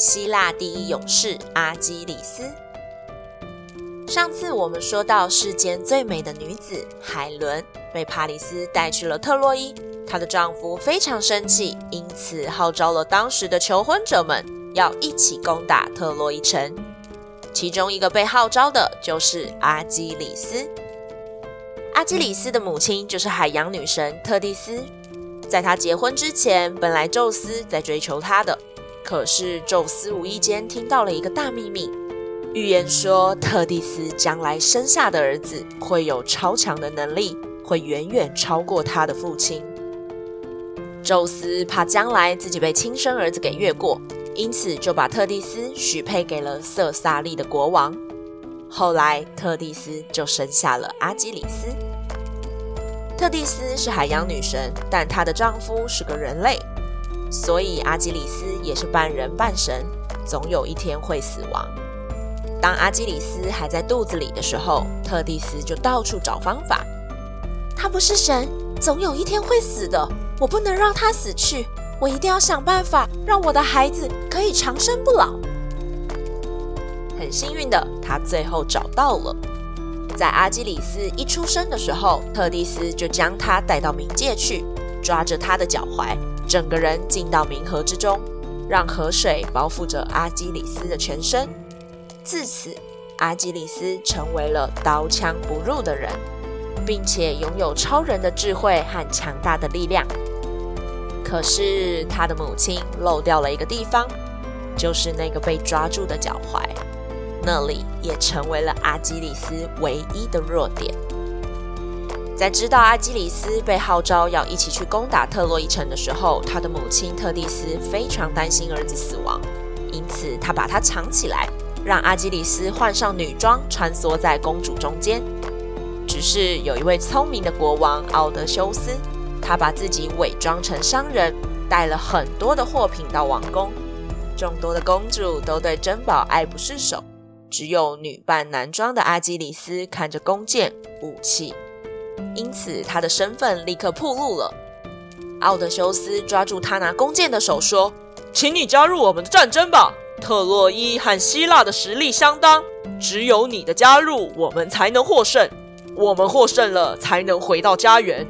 希臘第一勇士阿基里斯。上次我們說到，世間最美的女子海倫被帕里斯帶去了特洛伊，她的丈夫非常生氣，因此號召了當時的求婚者們要一起攻打特洛伊城。其中一個被號召的就是阿基里斯。阿基里斯的母親就是海洋女神特蒂斯，在她結婚之前，本來宙斯在追求她的。可是，宙斯無意間聽到了一個大祕密，預言說特蒂斯將來生下的兒子會有超強的能力，會遠遠超過他的父親。宙斯怕將來自己被親生兒子給越過，因此就把特蒂斯許配給了色薩利的國王。後來，特蒂斯就生下了阿基里斯。特蒂斯是海洋女神，但她的丈夫是個人類。所以阿基里斯也是半人半神，總有一天會死亡。當阿基里斯還在肚子裡的時候，特蒂斯就到處找方法。他不是神，總有一天會死的。我不能讓他死去，我一定要想辦法讓我的孩子可以長生不老。很幸運的，他最後找到了。在阿基里斯一出生的時候，特蒂斯就將他帶到冥界去，抓着他的腳踝，整個人進到冥河之中，讓河水包覆着阿基里斯的全身。自此，阿基里斯成為了刀槍不入的人，並且擁有超人的智慧和強大的力量。可是，他的母親漏掉了一個地方，就是那個被抓住的腳踝，那裡也成為了阿基里斯唯一的弱點。在知道阿基里斯被號召要一起去攻打特洛伊城的時候，他的母親特蒂斯非常擔心兒子死亡，因此他把他藏起來，讓阿基里斯換上女裝穿梭在公主中間。只是有一位聰明的國王奧德修斯，他把自己偽裝成商人，帶了很多的貨品到王宮。眾多的公主都對珍寶愛不釋手，只有女扮男裝的阿基里斯看着弓箭武器。因此，他的身份立刻暴露了。奧德修斯抓住他拿弓箭的手，說：“請你加入我們的戰爭吧！特洛伊和希臘的實力相當，只有你的加入，我們才能獲勝。我們獲勝了，才能回到家園。”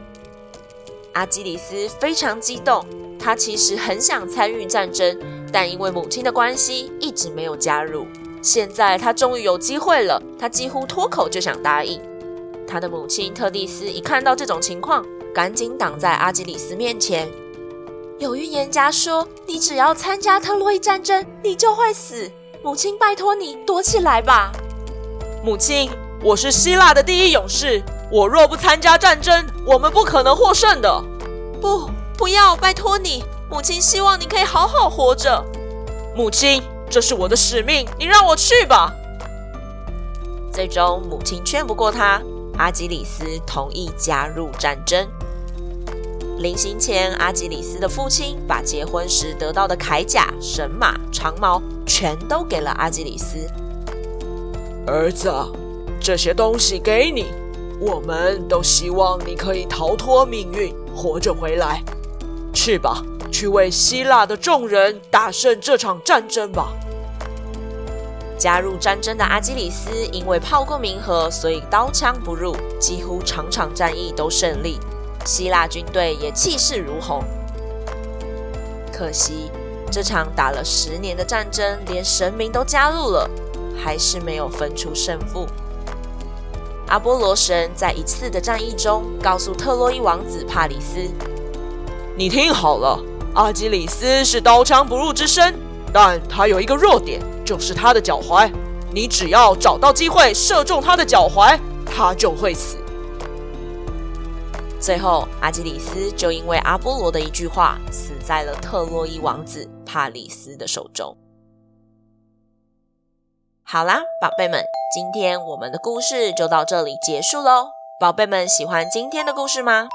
阿基里斯非常激動，他其實很想參與戰爭，但因為母親的關係，一直沒有加入。現在他終於有機會了，他幾乎脫口就想答應。他的母親特蒂斯一看到這種情況，趕緊擋在阿基里斯面前。有預言家說：“你只要參加特洛伊戰爭，你就會死。”母親，拜託你躲起來吧。母親，我是希臘的第一勇士，我若不參加戰爭，我們不可能獲勝的。不，不要，拜託你，母親，希望你可以好好活着。母親，這是我的使命，你讓我去吧。最終，母親勸不過他。阿基里斯同意加入戰爭。臨行前，阿基里斯的父親把結婚時得到的鎧甲、神馬、長矛全都給了阿基里斯。兒子，這些東西給你，我們都希望你可以逃脫命運，活着回來。去吧，去為希臘的眾人打勝這場戰爭吧。加入戰爭的阿基里斯因為泡過冥河，所以刀槍不入，幾乎場場戰役都勝利。希臘軍隊也氣勢如虹。可惜這場打了十年的戰爭，連神明都加入了，還是沒有分出勝負。阿波羅神在一次的戰役中告訴特洛伊王子帕里斯：“你聽好了，阿基里斯是刀槍不入之身，但他有一個弱點。”就是他的腳踝，你只要找到機會射中他的腳踝，他就會死。最後，阿基里斯就因為阿波羅的一句話，死在了特洛伊王子帕里斯的手中。好啦，寶貝們，今天我們的故事就到這裡結束嘍。寶貝們，喜歡今天的故事嗎？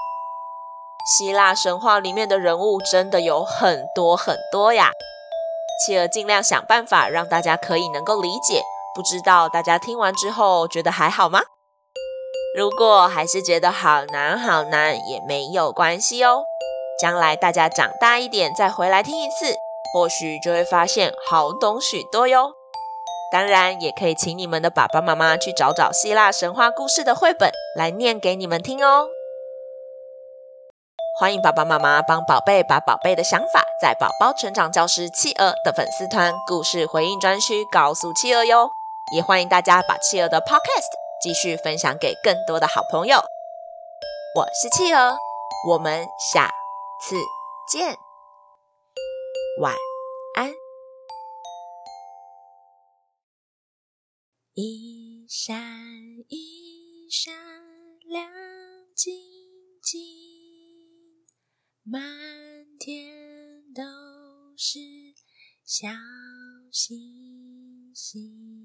希臘神話裡面的人物真的有很多很多呀。企鵝盡量想辦法讓大家可以能夠理解，不知道大家聽完之後覺得還好嗎？如果還是覺得好難好難也沒有關係哦，將來大家長大一點再回來聽一次，或許就會發現好懂許多喲。當然，也可以請你們的爸爸媽媽去找找希臘神話故事的繪本來念給你們聽哦。歡迎爸爸媽媽幫寶貝把寶貝的想法，在寶寶成長教室企鵝的粉絲團故事回應專區告訴企鵝喲。也歡迎大家把企鵝的 Podcast 繼續分享給更多的好朋友。我是企鵝，我們下次見，晚安。一閃一閃亮晶晶。滿天都是小星星。